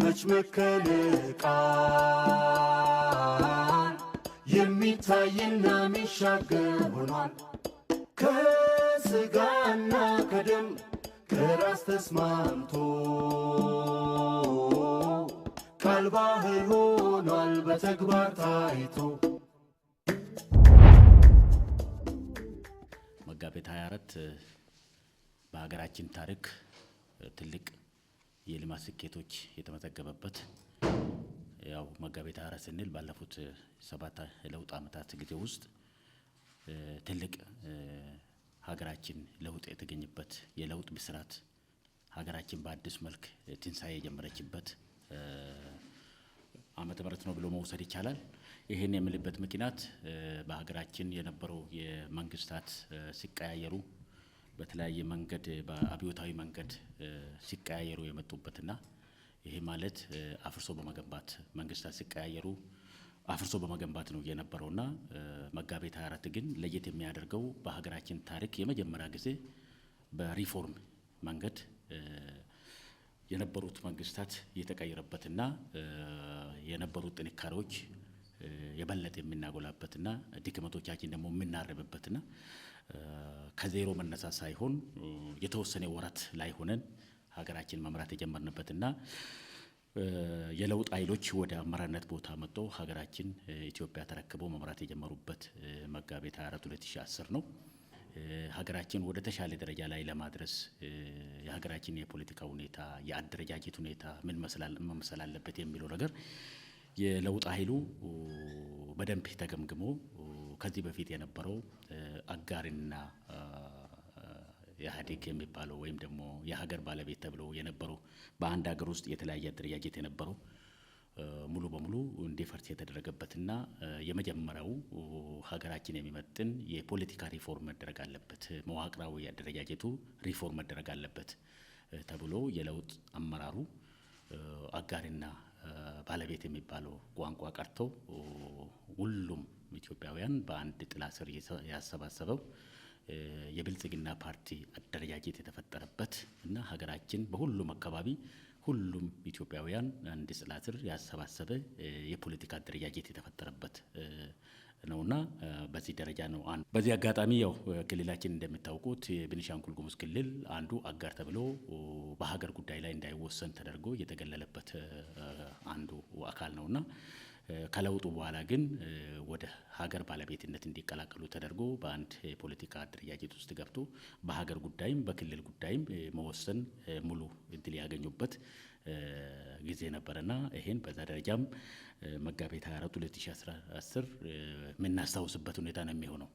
መች መከልቃል የሚታይና የሚሻገር ሆኗል ከስጋና ከደም ከራስ ተስማምቶ ቃል ባህል ሆኗል በተግባር ታይቶ መጋቢት 24 በሀገራችን ታሪክ ትልቅ የልማት ስኬቶች የተመዘገበበት ያው መጋቢት ሃያ አራት ስንል ባለፉት ሰባት ለውጥ አመታት ጊዜ ውስጥ ትልቅ ሀገራችን ለውጥ የተገኝበት የለውጥ ብስራት ሀገራችን በአዲስ መልክ ትንሳኤ የጀመረችበት ዓመተ ምህረት ነው ብሎ መውሰድ ይቻላል። ይህን የምልበት ምክንያት በሀገራችን የነበረው የመንግስታት ሲቀያየሩ በተለያየ መንገድ በአብዮታዊ መንገድ ሲቀያየሩ የመጡበትና ይሄ ማለት አፍርሶ በመገንባት መንግስታት ሲቀያየሩ አፍርሶ በመገንባት ነው የነበረውና መጋቢት 24 ግን ለየት የሚያደርገው በሀገራችን ታሪክ የመጀመሪያ ጊዜ በሪፎርም መንገድ የነበሩት መንግስታት የተቀየረበትና የነበሩት ጥንካሬዎች የበለጠ የምናጎላበትና ድክመቶቻችን ደግሞ የምናርምበትና ከዜሮ መነሳት ሳይሆን የተወሰነ ወራት ላይ ሆነን ሀገራችን መምራት የጀመርንበትና የለውጥ ኃይሎች ወደ አመራርነት ቦታ መጥቶ ሀገራችን ኢትዮጵያ ተረክቦ መምራት የጀመሩበት መጋቢት 24 2010 ነው። ሀገራችን ወደ ተሻለ ደረጃ ላይ ለማድረስ የሀገራችን የፖለቲካ ሁኔታ፣ የአደረጃጀት ሁኔታ ምን መምሰል አለበት የሚለው ነገር የለውጥ ኃይሉ በደንብ ተገምግሞ ከዚህ በፊት የነበረው አጋርና ኢህአዴግ የሚባለው ወይም ደግሞ የሀገር ባለቤት ተብለው የነበረው በአንድ ሀገር ውስጥ የተለያየ አደረጃጀት የነበረው ሙሉ በሙሉ እንዲፈርስ የተደረገበትና የመጀመሪያው ሀገራችን የሚመጥን የፖለቲካ ሪፎርም መደረግ አለበት፣ መዋቅራዊ አደረጃጀቱ ሪፎርም መደረግ አለበት ተብሎ የለውጥ አመራሩ አጋሪና ባለቤት የሚባለው ቋንቋ ቀርቶ ሁሉም ኢትዮጵያውያን በአንድ ጥላ ስር ያሰባሰበው የብልጽግና ፓርቲ አደረጃጀት የተፈጠረበት እና ሀገራችን በሁሉም አካባቢ ሁሉም ኢትዮጵያውያን አንድ ጥላ ስር ያሰባሰበ የፖለቲካ አደረጃጀት የተፈጠረበት ነውና በዚህ ደረጃ ነው። በዚህ አጋጣሚ ያው ክልላችን እንደሚታወቁት የቤኒሻንጉል ጉሙዝ ክልል አንዱ አጋር ተብሎ በሀገር ጉዳይ ላይ እንዳይወሰን ተደርጎ የተገለለበት አንዱ አካል ነውና ከለውጡ በኋላ ግን ወደ ሀገር ባለቤትነት እንዲቀላቀሉ ተደርጎ በአንድ የፖለቲካ አደረጃጀት ውስጥ ገብቶ በሀገር ጉዳይም በክልል ጉዳይም መወሰን ሙሉ እድል ያገኙበት ጊዜ ነበረና ይሄን በዛ ደረጃም መጋቢት 24 2010 የምናስታውስበት ሁኔታ ነው የሚሆነው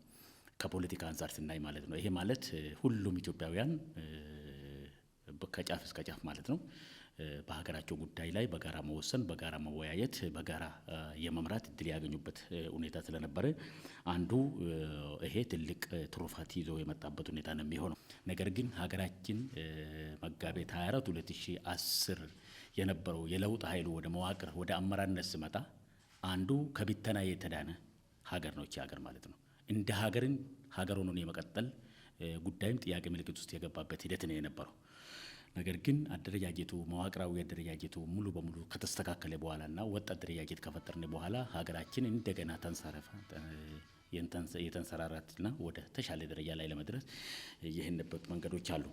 ከፖለቲካ አንጻር ስናይ ማለት ነው። ይሄ ማለት ሁሉም ኢትዮጵያውያን ከጫፍ እስከ ጫፍ ማለት ነው በሀገራቸው ጉዳይ ላይ በጋራ መወሰን፣ በጋራ መወያየት፣ በጋራ የመምራት እድል ያገኙበት ሁኔታ ስለነበረ አንዱ ይሄ ትልቅ ትሩፋት ይዞ የመጣበት ሁኔታ ነው የሚሆነው። ነገር ግን ሀገራችን መጋቢት 24 2010 የነበረው የለውጥ ኃይሉ ወደ መዋቅር ወደ አመራርነት ስመጣ አንዱ ከቢተና የተዳነ ሀገር ነው። እቺ ሀገር ማለት ነው። እንደ ሀገርን ሀገር ሆኖን የመቀጠል ጉዳይም ጥያቄ ምልክት ውስጥ የገባበት ሂደት ነው የነበረው። ነገር ግን አደረጃጀቱ መዋቅራዊ አደረጃጀቱ ሙሉ በሙሉ ከተስተካከለ በኋላ እና ወጥ አደረጃጀት ከፈጠርን በኋላ ሀገራችን እንደገና ተንሳረፈ የተንሰራራትና ወደ ተሻለ ደረጃ ላይ ለመድረስ የሄንበት መንገዶች አሉ።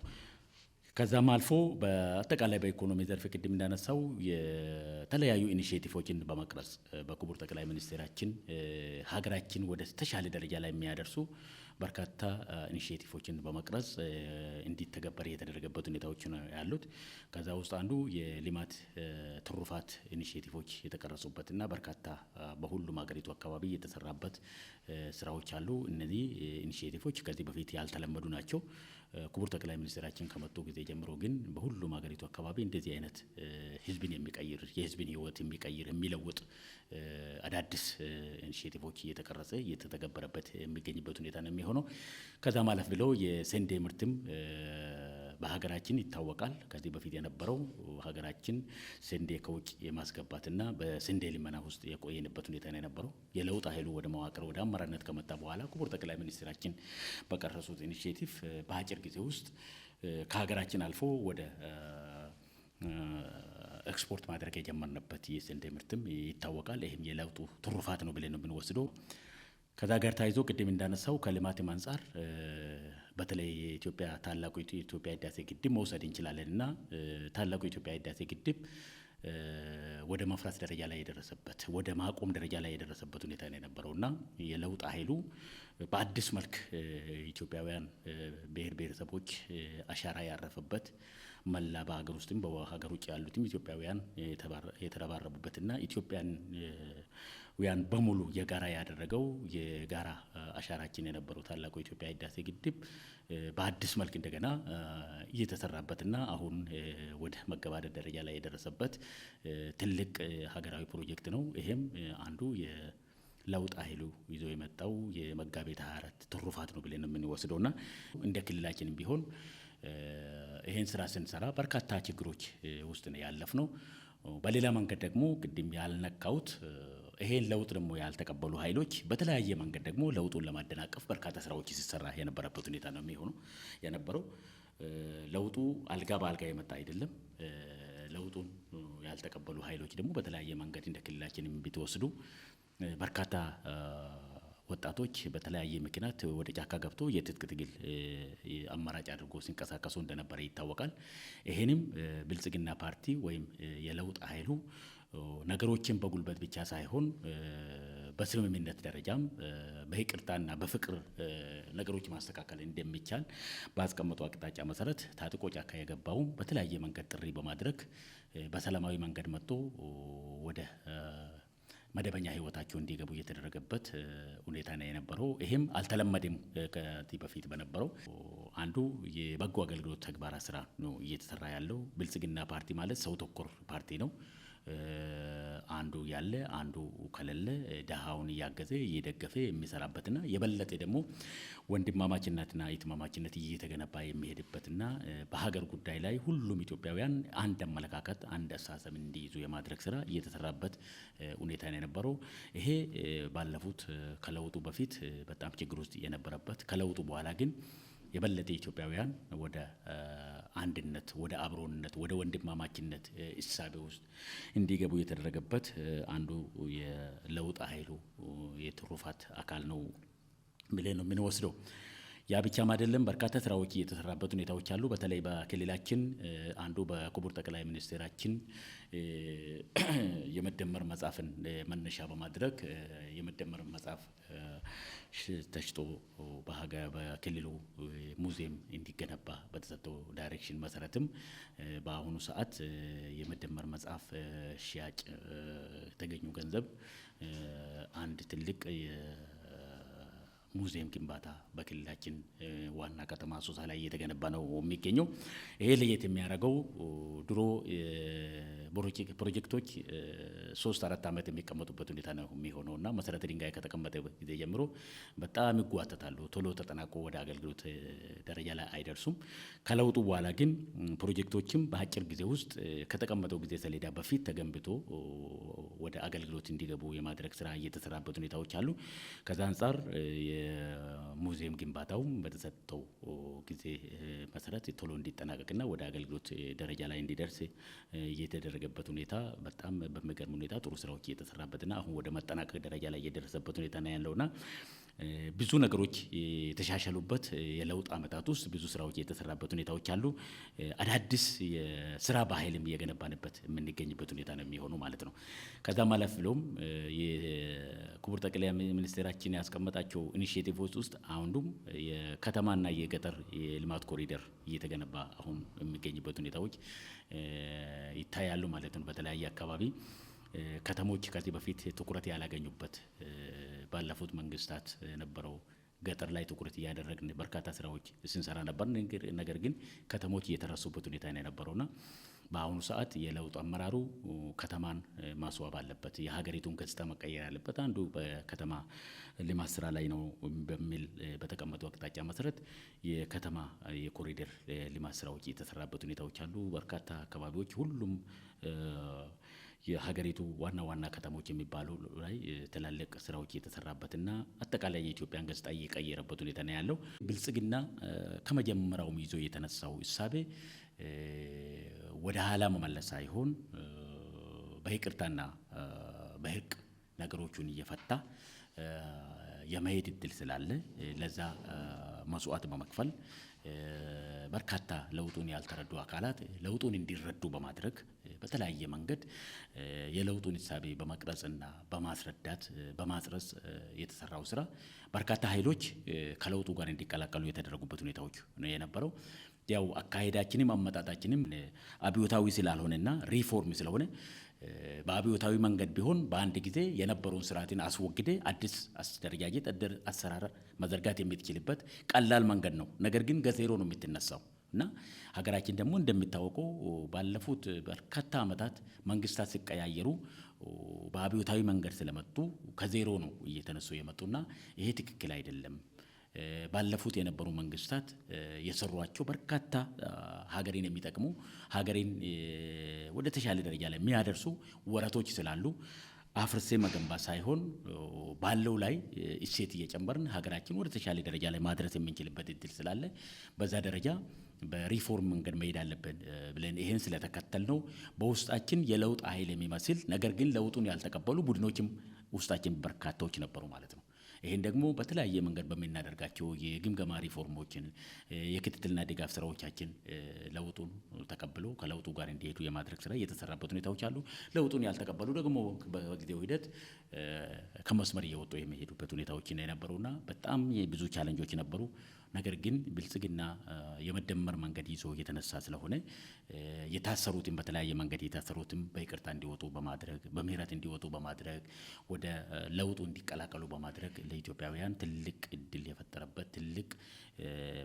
ከዛም አልፎ በአጠቃላይ በኢኮኖሚ ዘርፍ ቅድም እንዳነሳው የተለያዩ ኢኒሽቲቮችን በመቅረጽ በክቡር ጠቅላይ ሚኒስቴራችን ሀገራችን ወደ ተሻለ ደረጃ ላይ የሚያደርሱ በርካታ ኢኒሽቲቮችን በመቅረጽ እንዲተገበር የተደረገበት ሁኔታዎች ነው ያሉት። ከዛ ውስጥ አንዱ የልማት ትሩፋት ኢኒሽቲቮች የተቀረጹበት እና በርካታ በሁሉም ሀገሪቱ አካባቢ የተሰራበት ስራዎች አሉ። እነዚህ ኢኒሽቲቮች ከዚህ በፊት ያልተለመዱ ናቸው። ክቡር ጠቅላይ ሚኒስትራችን ከመጡ ጊዜ ጀምሮ ግን በሁሉም ሀገሪቱ አካባቢ እንደዚህ አይነት ህዝብን የሚቀይር የህዝብን ህይወት የሚቀይር የሚለውጥ አዳዲስ ኢኒሽቲቮች እየተቀረጸ እየተተገበረበት የሚገኝበት ሁኔታ ነው የሚሆነው። ከዛ ማለፍ ብለው የስንዴ ምርትም በሀገራችን ይታወቃል። ከዚህ በፊት የነበረው ሀገራችን ስንዴ ከውጭ የማስገባትና በስንዴ ልመና ውስጥ የቆየንበት ሁኔታ ነው የነበረው። የለውጥ ኃይሉ ወደ መዋቅር ወደ አመራርነት ከመጣ በኋላ ክቡር ጠቅላይ ሚኒስትራችን በቀረሱት ኢኒሽቲቭ በአጭር ጊዜ ውስጥ ከሀገራችን አልፎ ወደ ኤክስፖርት ማድረግ የጀመርንበት የስንዴ ምርትም ይታወቃል። ይህም የለውጡ ትሩፋት ነው ብለን ነው የምንወስደው። ከዛ ጋር ታይዞ ቅድም እንዳነሳው ከልማትም አንጻር በተለይ የኢትዮጵያ ታላቁ የኢትዮጵያ ህዳሴ ግድብ መውሰድ እንችላለን እና ታላቁ የኢትዮጵያ ህዳሴ ግድብ ወደ ማፍራት ደረጃ ላይ የደረሰበት ወደ ማቆም ደረጃ ላይ የደረሰበት ሁኔታ ነው የነበረው እና የለውጥ ኃይሉ በአዲስ መልክ ኢትዮጵያውያን ብሔር ብሔረሰቦች አሻራ ያረፈበት መላ በሀገር ውስጥም በሀገር ውጭ ያሉትም ኢትዮጵያውያን እና ኢትዮጵያን ውያን በሙሉ የጋራ ያደረገው የጋራ አሻራችን የነበረው ታላቁ የኢትዮጵያ ህዳሴ ግድብ በአዲስ መልክ እንደገና እየተሰራበትና አሁን ወደ መገባደድ ደረጃ ላይ የደረሰበት ትልቅ ሀገራዊ ፕሮጀክት ነው። ይሄም አንዱ ለውጥ ኃይሉ ይዞ የመጣው የመጋቢት 24 ትሩፋት ነው ብለን የምንወስደው እና እንደ ክልላችንም ቢሆን ይህን ስራ ስንሰራ በርካታ ችግሮች ውስጥ ነው ነው። በሌላ መንገድ ደግሞ ቅድም ያልነካሁት ይሄን ለውጥ ደግሞ ያልተቀበሉ ኃይሎች በተለያየ መንገድ ደግሞ ለውጡን ለማደናቀፍ በርካታ ስራዎች ሲሰራ የነበረበት ሁኔታ ነው የሚሆኑ የነበረው። ለውጡ አልጋ በአልጋ የመጣ አይደለም። ለውጡን ያልተቀበሉ ኃይሎች ደግሞ በተለያየ መንገድ እንደ ክልላችን ቢትወስዱ በርካታ ወጣቶች በተለያየ ምክንያት ወደ ጫካ ገብቶ የትጥቅ ትግል አማራጭ አድርጎ ሲንቀሳቀሱ እንደነበረ ይታወቃል። ይህንም ብልጽግና ፓርቲ ወይም የለውጥ ኃይሉ ነገሮችን በጉልበት ብቻ ሳይሆን በስምምነት ደረጃም በይቅርታና በፍቅር ነገሮች ማስተካከል እንደሚቻል ባስቀመጡ አቅጣጫ መሰረት ታጥቆ ጫካ የገባውም በተለያየ መንገድ ጥሪ በማድረግ በሰላማዊ መንገድ መጥቶ ወደ መደበኛ ህይወታቸው እንዲገቡ እየተደረገበት ሁኔታ ነው የነበረው። ይሄም አልተለመደም። ከዚህ በፊት በነበረው አንዱ የበጎ አገልግሎት ተግባራ ስራ ነው እየተሰራ ያለው። ብልጽግና ፓርቲ ማለት ሰው ተኮር ፓርቲ ነው። አንዱ ያለ አንዱ ከሌለ ደሃውን እያገዘ እየደገፈ የሚሰራበትና የበለጠ ደግሞ ወንድማማችነትና ኢትማማችነት እየተገነባ የሚሄድበትና በሀገር ጉዳይ ላይ ሁሉም ኢትዮጵያውያን አንድ አመለካከት፣ አንድ አስተሳሰብ እንዲይዙ የማድረግ ስራ እየተሰራበት ሁኔታ ነው የነበረው። ይሄ ባለፉት ከለውጡ በፊት በጣም ችግር ውስጥ የነበረበት ከለውጡ በኋላ ግን የበለጠ ኢትዮጵያውያን ወደ አንድነት፣ ወደ አብሮነት፣ ወደ ወንድማማችነት እሳቤ ውስጥ እንዲገቡ የተደረገበት አንዱ የለውጥ ኃይሉ የትሩፋት አካል ነው ብለን ነው የምንወስደው። ያ ብቻም አይደለም፣ በርካታ ስራዎች እየተሰራበት ሁኔታዎች አሉ። በተለይ በክልላችን አንዱ በክቡር ጠቅላይ ሚኒስቴራችን የመደመር መጽሐፍን መነሻ በማድረግ የመደመር መጽሐፍ ተሽጦ በክልሉ ሙዚየም እንዲገነባ በተሰጠው ዳይሬክሽን መሰረትም በአሁኑ ሰዓት የመደመር መጽሐፍ ሽያጭ የተገኙ ገንዘብ አንድ ትልቅ ሙዚየም ግንባታ በክልላችን ዋና ከተማ ሶሳ ላይ እየተገነባ ነው የሚገኘው። ይሄ ለየት የሚያደርገው ድሮ ፕሮጀክቶች ሶስት አራት ዓመት የሚቀመጡበት ሁኔታ ነው የሚሆነው እና መሰረተ ድንጋይ ከተቀመጠ ጊዜ ጀምሮ በጣም ይጓተታሉ። ቶሎ ተጠናቆ ወደ አገልግሎት ደረጃ ላይ አይደርሱም። ከለውጡ በኋላ ግን ፕሮጀክቶችም በአጭር ጊዜ ውስጥ ከተቀመጠው ጊዜ ሰሌዳ በፊት ተገንብቶ ወደ አገልግሎት እንዲገቡ የማድረግ ስራ እየተሰራበት ሁኔታዎች አሉ። ከዛ አንጻር የሙዚየም ግንባታውም በተሰጠው ጊዜ መሰረት ቶሎ እንዲጠናቀቅና ወደ አገልግሎት ደረጃ ላይ እንዲደርስ እየተደረገበት ሁኔታ በጣም በሚገርም ሁኔታ ጥሩ ስራዎች እየተሰራበትና አሁን ወደ መጠናቀቅ ደረጃ ላይ እየደረሰበት ሁኔታ ነው ያለውና ብዙ ነገሮች የተሻሻሉበት የለውጥ አመታት ውስጥ ብዙ ስራዎች የተሰራበት ሁኔታዎች አሉ። አዳዲስ የስራ ባህልም እየገነባንበት የምንገኝበት ሁኔታ ነው የሚሆኑ ማለት ነው። ከዛም አለፍ ብሎም የክቡር ጠቅላይ ሚኒስቴራችን ያስቀመጣቸው ኢኒሽቲቭዎች ውስጥ አንዱም የከተማና የገጠር የልማት ኮሪደር እየተገነባ አሁን የሚገኝበት ሁኔታዎች ይታያሉ ማለት ነው በተለያየ አካባቢ ከተሞች ከዚህ በፊት ትኩረት ያላገኙበት ባለፉት መንግስታት የነበረው ገጠር ላይ ትኩረት እያደረግን በርካታ ስራዎች ስንሰራ ነበር። ነገር ግን ከተሞች እየተረሱበት ሁኔታ ነው የነበረውና በአሁኑ ሰዓት የለውጥ አመራሩ ከተማን ማስዋብ አለበት፣ የሀገሪቱን ገጽታ መቀየር አለበት። አንዱ በከተማ ልማት ስራ ላይ ነው በሚል በተቀመጠው አቅጣጫ መሰረት የከተማ የኮሪደር ልማት ስራዎች የተሰራበት ሁኔታዎች አሉ። በርካታ አካባቢዎች ሁሉም የሀገሪቱ ዋና ዋና ከተሞች የሚባሉ ላይ ትላልቅ ስራዎች የተሰራበትና አጠቃላይ የኢትዮጵያን ገጽታ እየቀየረበት ሁኔታ ነው ያለው። ብልጽግና ከመጀመሪያውም ይዞ የተነሳው እሳቤ ወደ ኋላ መመለስ ሳይሆን በይቅርታና በህግ ነገሮቹን እየፈታ የመሄድ እድል ስላለ ለዛ መስዋዕት በመክፈል በርካታ ለውጡን ያልተረዱ አካላት ለውጡን እንዲረዱ በማድረግ በተለያየ መንገድ የለውጡን እሳቤ በመቅረጽና በማስረዳት በማስረጽ የተሰራው ስራ በርካታ ኃይሎች ከለውጡ ጋር እንዲቀላቀሉ የተደረጉበት ሁኔታዎች ነው የነበረው። ያው አካሄዳችንም አመጣጣችንም አብዮታዊ ስላልሆነና ሪፎርም ስለሆነ በአብዮታዊ መንገድ ቢሆን በአንድ ጊዜ የነበረውን ስርዓትን አስወግደ አዲስ አደር አሰራር መዘርጋት የምትችልበት ቀላል መንገድ ነው። ነገር ግን ከዜሮ ነው የምትነሳው እና ሀገራችን ደግሞ እንደሚታወቀው ባለፉት በርካታ ዓመታት መንግስታት ሲቀያየሩ በአብዮታዊ መንገድ ስለመጡ ከዜሮ ነው እየተነሱ የመጡና ይሄ ትክክል አይደለም። ባለፉት የነበሩ መንግስታት የሰሯቸው በርካታ ሀገሬን የሚጠቅሙ ሀገሬን ወደ ተሻለ ደረጃ ላይ የሚያደርሱ ወረቶች ስላሉ አፍርሴ መገንባት ሳይሆን ባለው ላይ እሴት እየጨመርን ሀገራችን ወደ ተሻለ ደረጃ ላይ ማድረስ የምንችልበት እድል ስላለ በዛ ደረጃ በሪፎርም መንገድ መሄድ አለብን ብለን ይህን ስለተከተል ነው። በውስጣችን የለውጥ ኃይል የሚመስል ነገር ግን ለውጡን ያልተቀበሉ ቡድኖችም ውስጣችን በርካታዎች ነበሩ ማለት ነው። ይህን ደግሞ በተለያየ መንገድ በምናደርጋቸው የግምገማ ሪፎርሞችን፣ የክትትልና ድጋፍ ስራዎቻችን ለውጡን ተቀብሎ ከለውጡ ጋር እንዲሄዱ የማድረግ ስራ እየተሰራበት ሁኔታዎች አሉ። ለውጡን ያልተቀበሉ ደግሞ በጊዜው ሂደት ከመስመር እየወጡ የሚሄዱበት ሁኔታዎች የነበሩና በጣም ብዙ ቻለንጆች ነበሩ። ነገር ግን ብልጽግና የመደመር መንገድ ይዞ እየተነሳ ስለሆነ የታሰሩትም በተለያየ መንገድ የታሰሩትም በይቅርታ እንዲወጡ በማድረግ በምህረት እንዲወጡ በማድረግ ወደ ለውጡ እንዲቀላቀሉ በማድረግ ለኢትዮጵያውያን ትልቅ እድል የፈጠረበት ትልቅ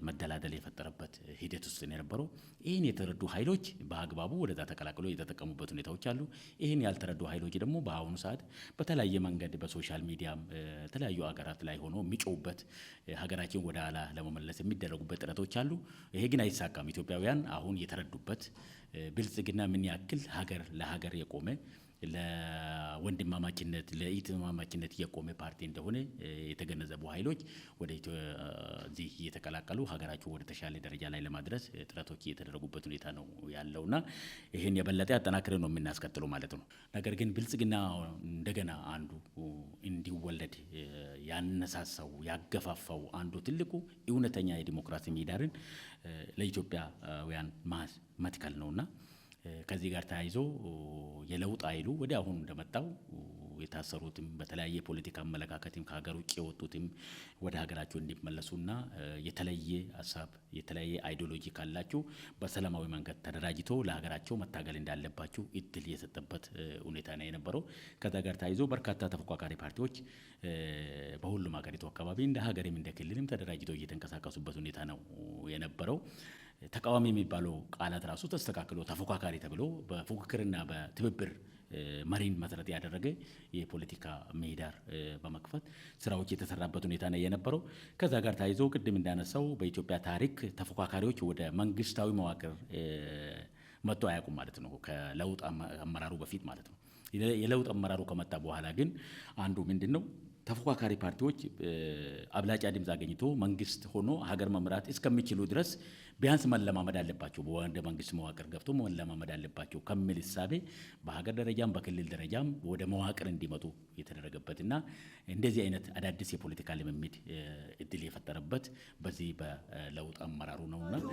መደላደል የፈጠረበት ሂደት ውስጥ ነው የነበረው። ይህን የተረዱ ኃይሎች በአግባቡ ወደዛ ተቀላቅሎ የተጠቀሙበት ሁኔታዎች አሉ። ይህን ያልተረዱ ኃይሎች ደግሞ በአሁኑ ሰዓት በተለያየ መንገድ በሶሻል ሚዲያም የተለያዩ ሀገራት ላይ ሆኖ የሚጮውበት ሀገራችን ወደ ኋላ ለመመ ለመመለስ የሚደረጉበት ጥረቶች አሉ። ይሄ ግን አይሳካም። ኢትዮጵያውያን አሁን የተረዱበት ብልጽግና ምን ያክል ሀገር ለሀገር የቆመ ለወንድማማችነት ለኢትማማችነት የቆመ ፓርቲ እንደሆነ የተገነዘቡ ኃይሎች ወደ ዚህ እየተቀላቀሉ ሀገራቸው ወደ ተሻለ ደረጃ ላይ ለማድረስ ጥረቶች እየተደረጉበት ሁኔታ ነው ያለውና ይህን የበለጠ አጠናክረ ነው የምናስቀጥለው ማለት ነው። ነገር ግን ብልጽግና እንደገና አንዱ እንዲወለድ ያነሳሳው ያገፋፋው አንዱ ትልቁ እውነተኛ የዲሞክራሲ ሚዳርን ለኢትዮጵያውያን መትከል ነውና ከዚህ ጋር ተያይዞ የለውጥ ኃይሉ ወደ አሁኑ እንደመጣው የታሰሩትም በተለያየ የፖለቲካ አመለካከትም ከሀገር ውጭ የወጡትም ወደ ሀገራቸው እንዲመለሱና የተለየ ሀሳብ የተለያየ አይዲዮሎጂ ካላቸው በሰላማዊ መንገድ ተደራጅቶ ለሀገራቸው መታገል እንዳለባቸው እድል የሰጠበት ሁኔታ ነው የነበረው። ከዛ ጋር ተያይዞ በርካታ ተፎካካሪ ፓርቲዎች በሁሉም ሀገሪቱ አካባቢ እንደ ሀገርም እንደ ክልልም ተደራጅተው እየተንቀሳቀሱበት ሁኔታ ነው የነበረው። ተቃዋሚ የሚባለው ቃላት ራሱ ተስተካክሎ ተፎካካሪ ተብሎ በፉክክርና በትብብር መሪን መሰረት ያደረገ የፖለቲካ ምህዳር በመክፈት ስራዎች የተሰራበት ሁኔታ ነው የነበረው። ከዛ ጋር ተያይዞ ቅድም እንዳነሳው በኢትዮጵያ ታሪክ ተፎካካሪዎች ወደ መንግስታዊ መዋቅር መጥቶ አያውቁም ማለት ነው፣ ከለውጥ አመራሩ በፊት ማለት ነው። የለውጥ አመራሩ ከመጣ በኋላ ግን አንዱ ምንድን ነው ተፎካካሪ ፓርቲዎች አብላጫ ድምፅ አገኝቶ መንግስት ሆኖ ሀገር መምራት እስከሚችሉ ድረስ ቢያንስ መለማመድ አለባቸው። ወደ መንግስት መዋቅር ገብቶ መለማመድ አለባቸው ከሚል እሳቤ በሀገር ደረጃም በክልል ደረጃም ወደ መዋቅር እንዲመጡ የተደረገበትና እንደዚህ አይነት አዳዲስ የፖለቲካ ልምምድ እድል የፈጠረበት በዚህ በለውጥ አመራሩ ነውና